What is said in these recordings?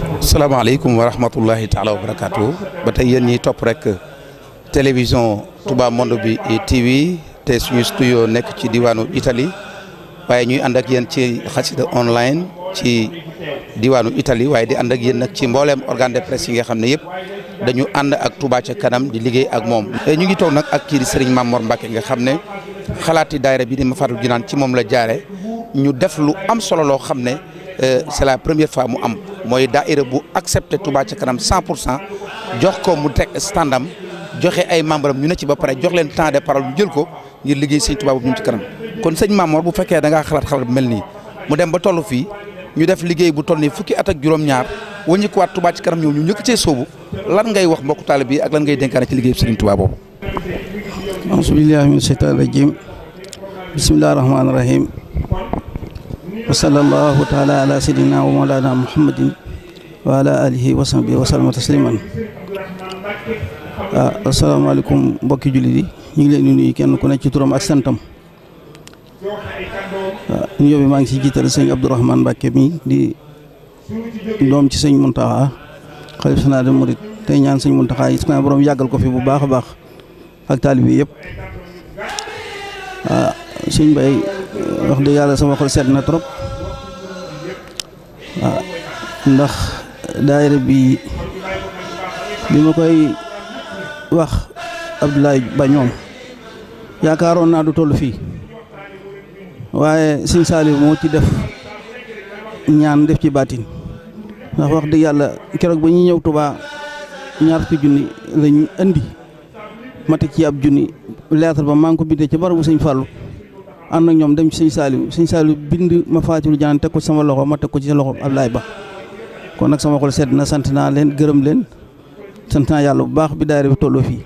alaykum wa rahmatullahi taala wa barakatuh batay yeen ñi top rek télévision Touba Monde bi e TV té suñu studio nek ci diwanu Italie waye ñuy and ak yeen ci online ci diwanu Italie waye di and ak yeen nak ci mbollem organe de presse yi nga xamne yépp dañu and ak Touba ci kanam di liggéey ak moom. E ñu ngi tok nak ak ki di Serigne Mamor Mbacke nga xamne xalaati daayira bi di Mafatul Jinaan ci mom la jaaré ñu def lu am solo lo xamne ne e, c'est la première fois mu am. mooy daa daaira bu accepté Touba ca kanam 100 pour cent jox ko mu teg standam joxe ay membre am ñu ne ci ba pare jox leen temps de parole ñu jël ko ngir liggéey sëñ Touba bu ñu ci kon sëñ Mamor bu fekkee da ngaa xalaat bu mel nii mu dem ba toll fii ñu def liggéey bu toll nii fukki at ak juróom-ñaar wëññikuwaat Touba ci kanam ñëw ñu ñëkk cee sóobu lan ngay wax mbokk taalib bi ak lan ngay dénkaane ci liggéey sëriñ Touba boobu. auzu billaahi mina shaytaani rajiim bismillaahi rahmaani rahiim wa sallallahu taala ala sayyidina wa muhammadin wa alihi wa ah, mbokki jullit yi ñu ngi leen di ku nekk ci turam ak santam waaw ah, bi maa ngi si jiital sëñ Abdourahmane Mbacke mi di doom ci sëñ Mountakha xalif sanaa de murit yàggal ko fi bu baax a baax ak taalibe yëpp waaw ah, sëñ Mbaye sedd na trop. waaw ndax daayira bi bi ma koy wax Abdoulaye Ba ñoom yaakaaroon naa du toll fii waaye Sëñ Saliou moo ci def ñaan def ci baatin ndax wax dëgg yàlla keroog ba ñuy ñëw tubaa ñaar fukki junni lañu indi mate ci ab junni lettre ba maa ngi ko bindee ci barabu Sëñ Fallou ànd ak ñoom dem ci señ Saliou sëñ Saliou bind ma faatilu jaan teg ko sama loxo ma teg ko ci loxo laay Ba kon nag sama xol sedd na sant naa leen gërëm leen sant naa yàlla bu baax bi daayira bi tolloo fii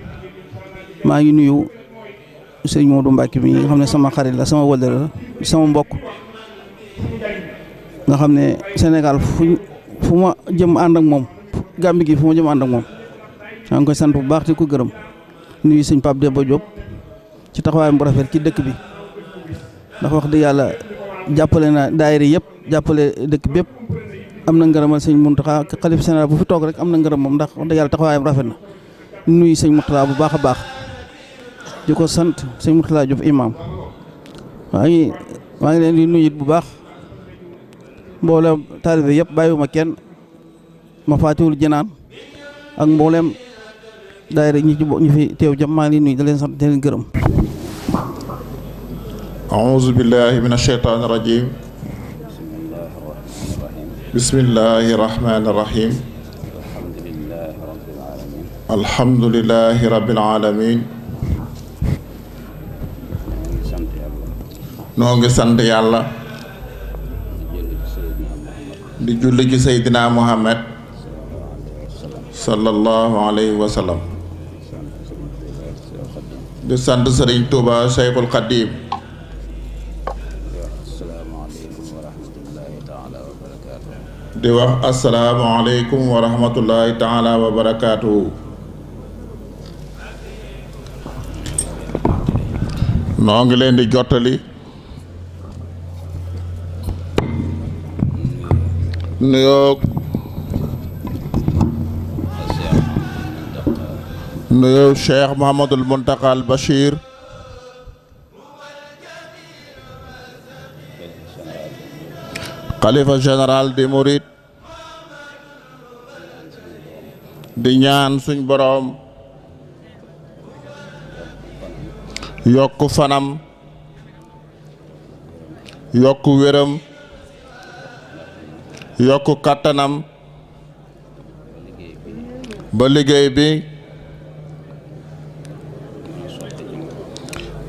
maa ngi nuyu sëñ Modou Mbacke mi nga xam ne sama xarit la sama wëllëre la mbokk nga xam ne Sénégal fu fu ma jëm ànd ak moom Gàmbi gi fu ma jëm ànd ak moom maa ngi koy sant bu baax te ko gërëm nuyu sëñ Pape Demba Diop ci taxawaayam bu rafet ci dëkk bi. ndax wax dëgg yàlla jàppale na daayira yëpp jàppale dëkk bépp am na ngërëmal sëñ Muntaxa xalif général bu fi toog rek am na ngërëm moom ndax wax dëgg yàlla taxawaayam rafet na nuyu sëñ Muntaxa bu baax a baax di ko sant sëñ Muntaxa Jóob imaam maa ngi maa ngi leen di nuyu bu baax mboolem taalibe yëpp bàyyiwuma kenn ma faatiwul jinaan ak mboolem daayira ñi ci ñi fi teew jàmm maa ngi leen nuyu da leen sant da leen gërëm أعوذ بالله من الشيطان الرجيم بسم الله الرحمن الرحيم الحمد لله رب العالمين الحمد لله رب العالمين نوغي سانت يالا دي جولي سيدنا محمد صلى الله عليه وسلم دي سانت سيرين توبا شيخ القديم di wax asalaamualeykum wa rahmatullahi taala wa barakaatu. noo ngi leen di jottali nuyoo nuyoo Cheikh Mouhamadoul Mountakha Bachir xalifa général di murit di ñaan suñ boroom yokk fanam yokk wéram yokk kàttanam ba liggéey bi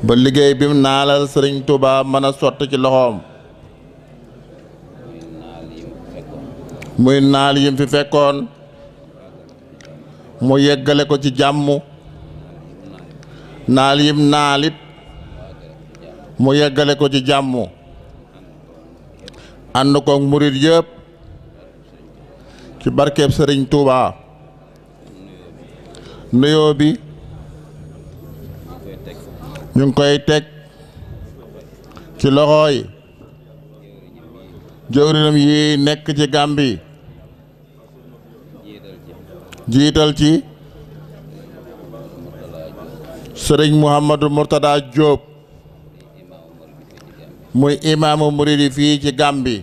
ba liggéey bi naalal Sëriñ Tuubaa mën a sotti ci loxoom muy naal yim fi fekkoon mu yeggale ko ci jàmm naal yim naalit mu yeggale ko ci jàmm ànd koog murit yëpp ci barkeeb sëriñ Touba nuyoo bi ñu ngi koy teg ci loxooy jëwrinam yi nekk ci Gàmbi jiital ci sëriñ Mouhamadou Mourtada Diop muy imaamu muridi fii ci Gàmbi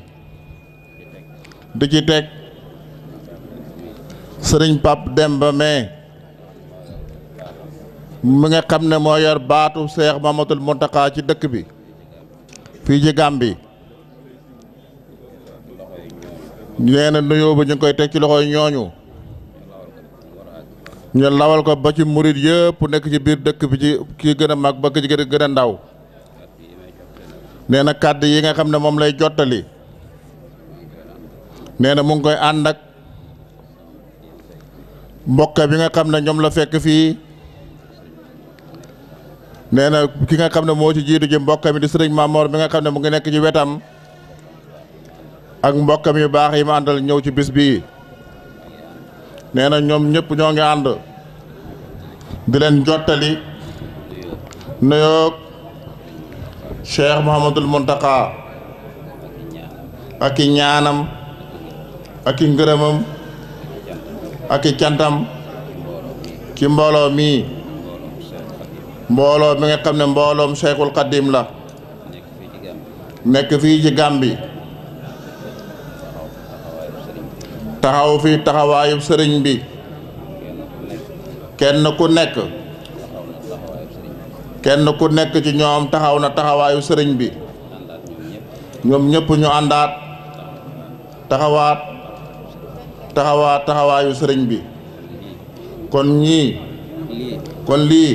di ci teg sëriñ dem ba mais mi nga xam ne moo yor baatu Seex Mamatul Mountakha ci dëkk bi fii ci Gàmbi nee na nuyoo bi ñu ngi koy teg ci loxo ñooñu ñu lawal ko ba ci murit yëpp nekk ci biir dëkk bi ci kii gën a mag ba ci gën a ndaw nee na kàdd yi nga xam ne moom lay jottali nee na mu ngi koy ànd ak mbokk bi nga xam ne ñoom la fekk fii nee na ki nga xam ne moo ci jiitu ji mbokk mi di sëriñ Mamor bi nga xam ne mu ngi nekk ci wetam ak mbokk yu baax yi ma àndal ñëw ci bis bii. nee na ñoom ñëpp ñoo ngi ànd di leen jottali nuyoog Cheikh Mouhamadul Mountakha ak i ñaanam ak i ngërëmam ak i cantam ki mbooloo mii mbooloo mi nga xam ne mbooloom Cheikhul Khadim la nekk fii ci Gàmbi taxaw fi taxawaayu sëriñ bi kenn ku nekk kenn ku nekk ci ñoom taxaw na taxawaayu sëriñ bi ñoom ñëpp ñu àndaat taxawaat taxawaat taxawaayu sëriñ bi kon ñii kon lii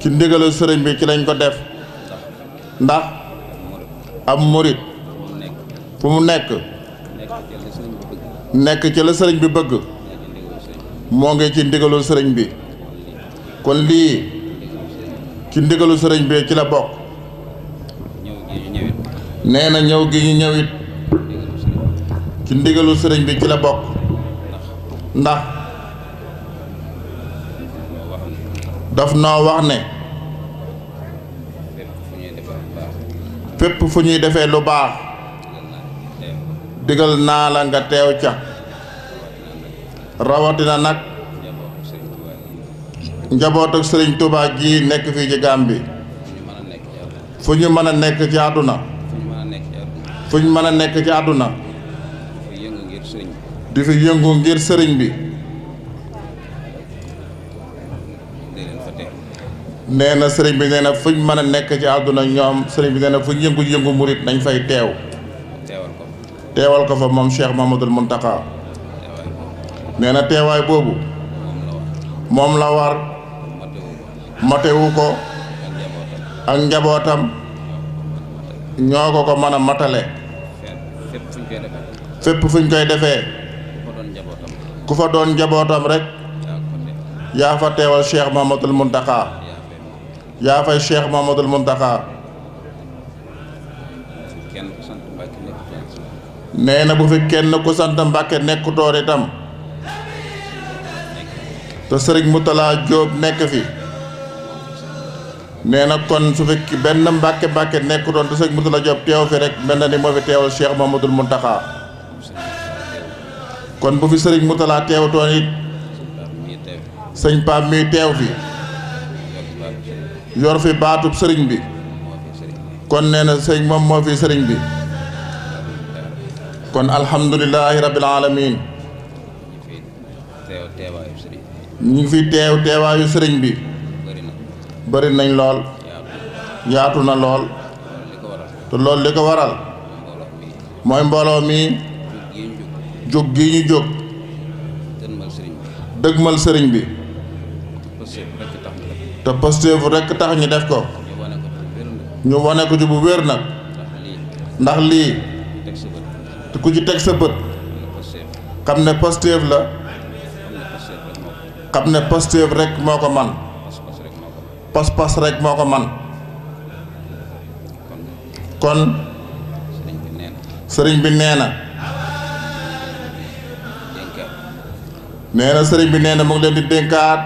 ci ndigalu sëriñ bi ci lañ ko def ndax am murit fu mu nekk nekk ci la sëriñ bi bëgg moo ngi ci ndigalu sëriñ bi kon lii ci ndigalu sëriñ bi ci la bokk nee na ñëw gi ñu ñëwit ci ndigalu sëriñ bi ci la bokk ndax daf noo wax ne fépp fu ñuy defee lu baax digal naa la nga teew ca rawatina nag njaboot sëriñ Touba gi nekk fi ci bi fu ñu mën a nekk ci àdduna fu ñu mën a nekk ci àdduna di fi yëngu ngir sëriñ bi nee na sëriñ bi nee na fu ñu mën a nekk ci àdduna ñoom sëriñ bi nee na fu ñu yëngu yëngu murit nañ fay teew teewal ko fa moom Cheikh Mamadul Muntaqa nee na teewaay boobu moom la war matewu ko ak njabootam ñoo ko ko mën a matale fépp fuñ koy defee ku fa doon jabootam rek yaa fa teewal Cheikh Mamadul Muntaqa yaa fay Cheikh Mamadul Muntaqa nee na bu fi kenn ku sant Mbàkke nekkutoon itam te sëriñ Moutala Diop nekk fi nee na kon su fi benn Mbàkke Mbàkke nekkutoon te sëriñ Moutala Diop teew fi rek benn na ni moo fi teewal Cheikh Mamadou Mountakha kon bu fi sëriñ Moutala teewutoon it sëñ Pape mii teew fi yor fi baatub sëriñ bi kon nee na sëñ moom moo fi sëriñ bi kon alhamdulilahi rabbil alamin ñu ngi fi teew teewaayu sëriñ bi bari nañ lool yaatu na lool te loolu li ko waral mooy mbooloo mi jóg gi ñu jóg dëgmal sëriñ bi te Pastef rekk tax ñu def ko ñu wane ko ci wér nag ndax lii te ku ci teg sa bët xam ne Pastef la xam ne Pastef rek moo ko man pas-pas rek moo ko man kon sëriñ bi nee na nee sëriñ bi nee na mu ngi leen di dénkaat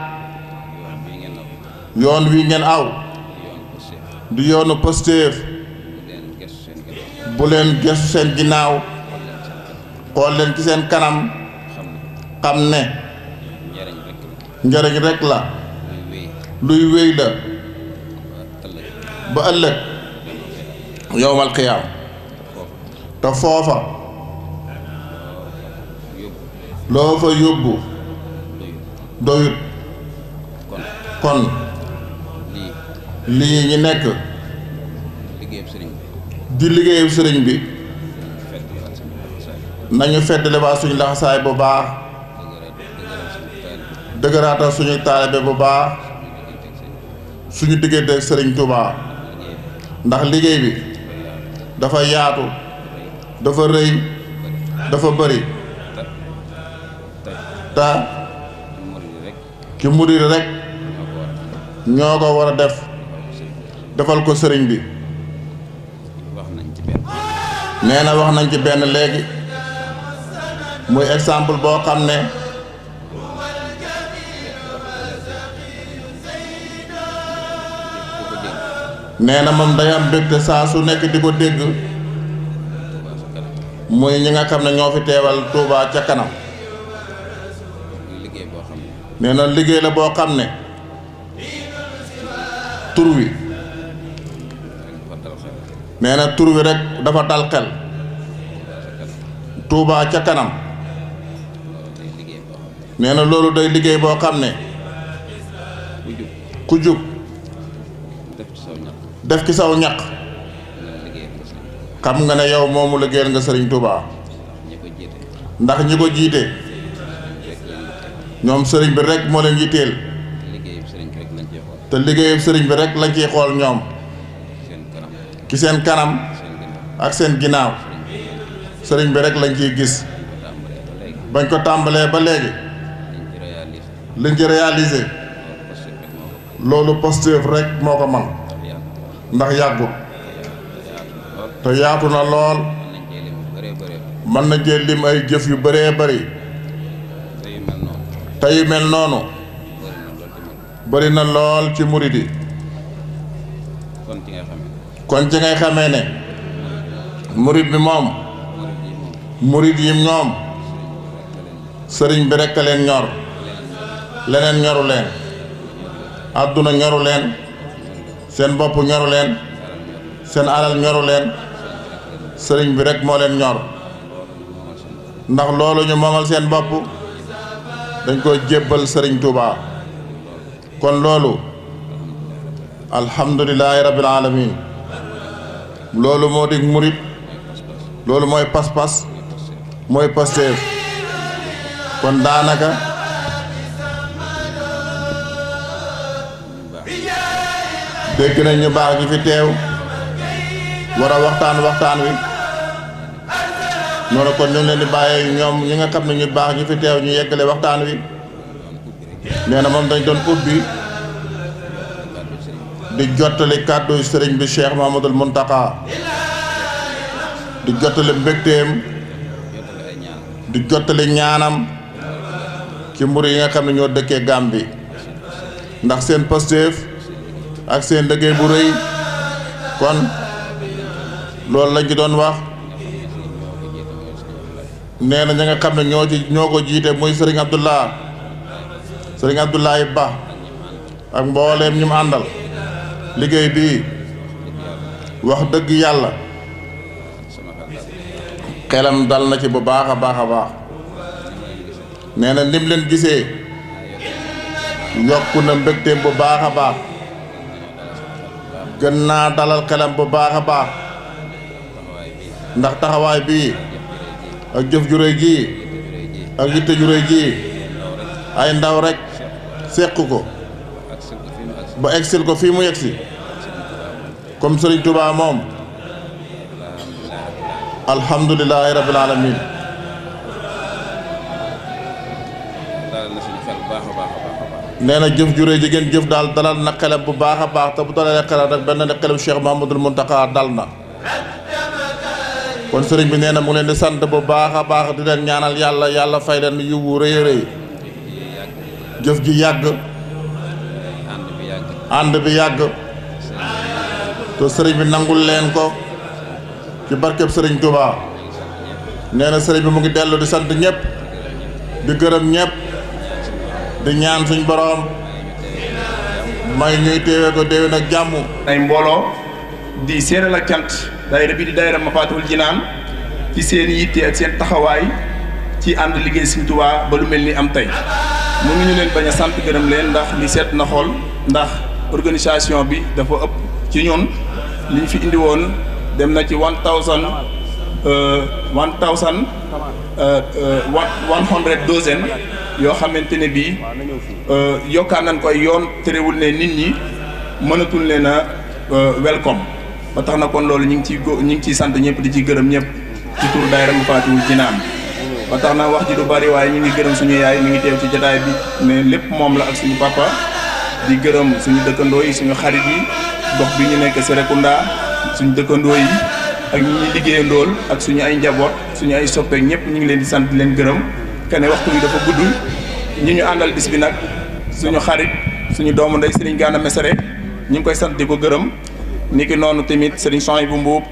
yoon wi ngeen aw du yoonu Pastef bu leen gestu seen ginnaaw xool leen ci seen kanam xam ne njëriñ rekk la luy wéy la ba ëllëg yowmal qiyaam te foofa loo fa yóbbu doyut kon lii ñi nekk di liggéeyub sëriñ bi nañu feddale waa suñu laxasaay bu baax dëgëraatal suñu taalibe bu baax suñu diggante sëriñ Touba ndax liggéey bi dafa yaatu dafa rëy dafa bari te ci murid rekk ñoo ko war a def defal ko sëriñ bi nee na wax nañ ci benn léegi muy exemple boo xam ne nee na moom day am saa su nekk di ko dégg muy ñi nga xam ne ñoo fi teewal Touba ca kanam nee na liggéey la boo xam ne tur wi nee na tur wi rek dafa dal xel ca kanam nee na loolu day liggéey boo xam ne ku jub def ci saw ñaq xam nga ne yow moomu liggéeyal nga sëriñ Touba ndax ñi ko jiite ñoom sëriñ bi rek moo leen yitteel te liggéeyub sëriñ bi rek lañ ciy xool ñoom ci seen kanam ak seen ginnaaw sëriñ bi rek lañ ciy gis bañ ko tàmbalee ba léegi li ñu loolu Pastef rek moo ko man ndax yàggut te yaatu na lool mën na cee lim ay jëf yu bëree bari te yu mel noonu bëri na lool ci murid yi kon ci ngay xamee ne murid bi moom murid yi sëriñ bi rekk a leen ñor leneen ñoru leen àdduna ñoru leen seen bopp ñoru leen seen alal ñoru leen sëriñ bi rek moo leen ñor ndax loolu ñu moomal seen bopp dañ ko jébbal sëriñ Touba kon loolu alhamdulilahi rabbil alamin loolu moo di murit loolu mooy pas-pas mooy pasteef kon daanaka dégg nañ ñu baax ñu fi teew war waxtaan waxtaan wi noonu kon ñu leen di bàyyee ñoom ñi nga xam ne ñu baax ñu fi teew ñu yeggale waxtaan wi nee na moom dañ doon ubbi di jottali kàddu sëriñ bi Cheikh Mahamadul Muntaqa di jottali mbégteem di jottali ñaanam ci mbir yi nga xam ne ñoo dëkkee Gàmbi ndax seen Pastef ak seen liggéey bu rëy kon loolu lañ ci doon wax nee na ña nga xam ne ñoo ci ñoo ko jiite muy Serigne Abdoulah Serigne Abdoulaye Ba ak mbooleem ñu àndal liggéey bii wax dëgg yàlla xelam dal na ci bu baax a baax a baax nee na nim leen gisee yokku na mbégteem bu baax a baax gën naa dalal xelam bu baax a baax ndax taxawaay bii ak jëf ju réy ak yitte ju réy ay ndaw rek seq ko ba egsil ko fi mu yegsi comme Serigne Touba moom alhamdulilahi rabbil alamin nee na jëf juré ji ngeen jëf daal dalal na xelam bu baax baax te bu dalalee xelam rek benn ne xelam Cheikh Mahamadul Muntaxa dal na kon sëriñ bi nee na mu ne leen di sant bu baax a baax di leen ñaanal yàlla yàlla fay leen yiwu rëy rëy jëf ji yàgg ànd bi yàgg te sëriñ bi nangu leen ko ci barkeb sëriñ Tuubaa nee na sëriñ bi mu ngi dellu di sant ñépp di gërëm ñépp di ñaan suñ boroom may ñuy téewee ko déwén ak jàmm ay mbooloo di séeral ak cant daayira bi di daayira Mafaatihul Jinaan ci seen yitte ak seen taxawaay ci ànd liggéey Sëriñ ba lu mel ni am tey mënuñu leen bañ a sant gërëm leen ndax li seet na xool ndax organisation bi dafa ëpp ci ñun liñ fi indi woon dem na ci one thousand euh, one thousand euh, euh, one yoo xamante ne bii euh, yokkaat nañ koy yoon terewul ne nit ñi mënatul leen a euh, welcome ba tax na kon loolu ñu ngi ciy ñu ngi ciy sant ñëpp di ci gërëm ñëpp ci tur daayira Mafatihul Jinaan ba tax na wax ji du bari waaye ñu ngi gërëm suñu yaay ñu ngi teew ci jotaay bi mais lépp moom la ak suñu papa di gërëm suñu dëkkandoo yi suñu xarit yi gox bi ñu nekk Serekunda suñu dëkkandoo yi ak ñi ñuy liggéeyandool ak suñu ay njaboot suñu ay soppeek ñëpp ñu ngi leen di sant leen gërëm que waxtu bi dafa gudd ñi ñu àndal bis bi nag suñu xarit suñu doomu ndey Serigne Gana Messere ñu ngi koy sant di ko gërëm niki noonu tamit Serigne Soy bu Mbuub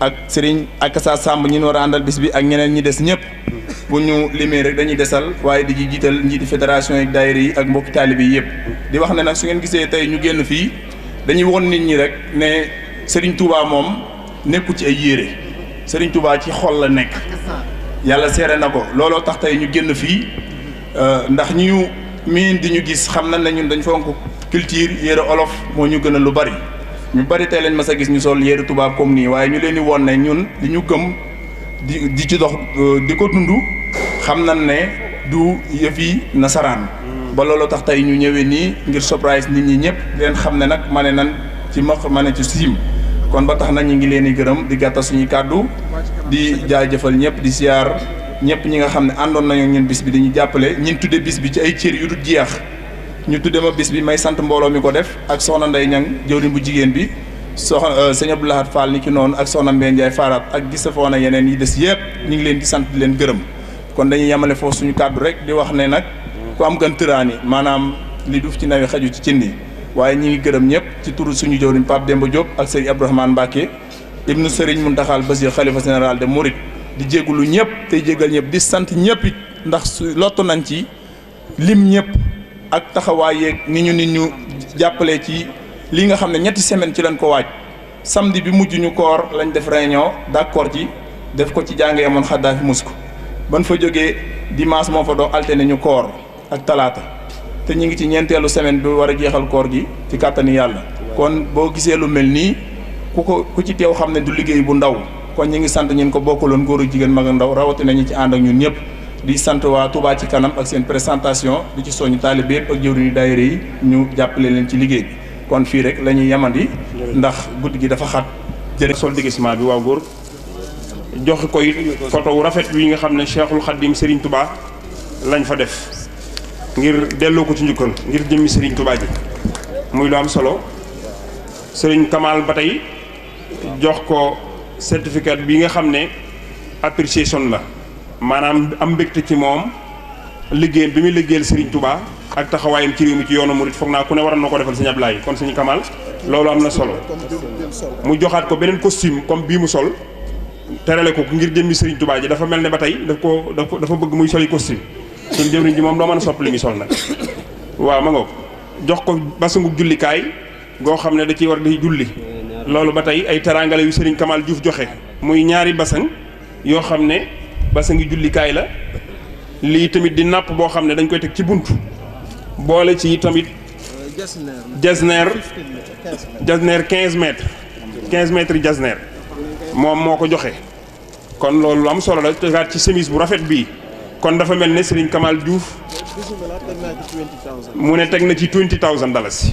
ak Serigne ak sa Samb ñi ñu war a àndal bis bi ak ñeneen ñi des ñëpp bu ñu limee rek dañuy desal waaye di jiital njiiti fédération yi daayira yi ak mbokki taalibe yi yëpp. di wax ne nag su ngeen gisee tey ñu génn fii dañuy won nit ñi rek ne Serigne Touba moom nekku ci ay yére sëriñ Touba ci xol la nekk. yàlla seere na ko looloo tax tey ñu génn fii euh, ndax ñi ñu miin di ñu gis xam nañ ne ñun dañ fonk culture yére olof moo ñu gën a lu bari ñu bari tey lañ mas a gis ñu sol yére tubaab comme nii waaye ñu leen di woon ne ñun li ñu gëm di di ci dox euh, di ko dundu xam nan ne du yëfi nasaraan ba looloo tax tey ñu ñëwee nii ngir surprise nit ñi ñëpp leen xam ne nag ma ne nan ci max ma ne ci siim kon ba tax na ñi ngi leen di gërëm di gàttal suñuy kàddu di jaajëfal ñëpp di ziar ñëpp ñi nga xam ne àndoon nañu ñun bis bi ñu jàppale ñin tudde bis bi ci ay cër yu dut jeex ñu tudde ma bis bi may sant mbooloo mi ko def ak soxna nday Ñang jëwriñ bu jigéen bi soxna euh, sëñ Abdou Lahad Fall ni ki noonu ak soxna Mbeen Njaay Faaraat ak gisa foona yeneen yi des yépp ñu ngi leen di sant di leen gërëm kon dañuy yemale foofu suñu kàddu rek di wax ne nag ku am gën tëraani maanaam li duuf ci nawi xaju ci cinni waye ñi ngi gëreem ñep ci turu suñu jëwriñ pap Demba job ak serigne Abdourahmane mbake ibnu sëriñ Muntaxal Basir khalifa general de Mouride di jégalu ñep tay jéggal ñep di sant ñep ndax lotu nañ ci lim ñep ak taxawaay ninyu ni ñu nit ñu jappalé ci li nga xamné ñetti semaine ci lañ ko waaj samedi bi mujju ñu koor lañ def réunion d'accord ci def ko ci jàng amon khadafi musku ban fa joggé dimanche mo fa do alterné ñu koor ak talata te ñu ngi ci ñeenteelu semaine bi war a jeexal koor gi ci kàttani yàlla kon boo gisee lu mel nii ku ko ku ci teew xam ne du liggéey bu ndaw kon ñu ngi sant ñun ko bokkaloon góor ak jigéen mag ndaw rawatina ñu ci ànd ak ñun ñëpp di sant waa tubaa ci kanam ak seen présentation di ci soñu taalibe yëpp ak jëwriñu daayira yi ñu jàppale leen ci liggéey bi kon fii rek la ñuy yamandi ndax guddi gi dafa xat jërë sol déguisement bi waaw góor joxe koy wu rafet wi nga xam ne Cheikhul Khadim Serigne Touba lañu fa def ngir delloo ko ci njukkoon ngir jëmmi sëriñ Tuubaa ji muy lu am solo sëriñ Kamal ba tey jox ko certificat bi nga xam ne appréciation la maanaam am mbégte ci moom liggéey bi muy liggéeyal sëriñ Tuubaa ak taxawaayam ci réew mi ci yoonu murit foog naa ku ne waroon na ko defal sëñ Ablaye kon sëñ Kamal loolu am na solo mu joxaat ko beneen costume comme bii mu sol terale ko ngir jëmmi sëriñ Tuubaa ji dafa mel ne ba tey daf ko dafa bëgg muy soli costume suñ jëwriñ ji moom doo mën a sopp li muy sol nag waaw ma ngoog jox ko basangu jullikaay goo xam ne da ciy war di julli loolu ba tey ay teraangale yu Serigne Kamal Diouf joxe muy ñaari basang yoo xam ne basangi jullikaay la lii tamit di napp boo xam ne dañ koy teg ci bunt boole ci tamit jasneer jasneer quinze mètres quinze mètres jasneer moom moo ko joxe kon loolu am solo la tegaat ci chemise bu rafet bii kon dafa mel ni Serigne Kamal Diouf mu ne teg na ci twenty thousand dalasi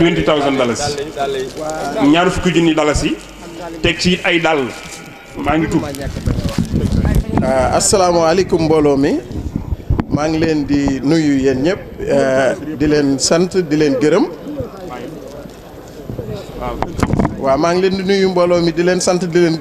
twenty thousand dalasi ñaar fukki junni dalasi teg ci ay dàll maa ngi tuub euh, asalaamaaleykum mbooloo mi maa ngi leen di nuyu yéen ñépp euh, di leen sant di leen gërëm waaw maa ngi leen di nuyu mbooloo mi di leen sant di leen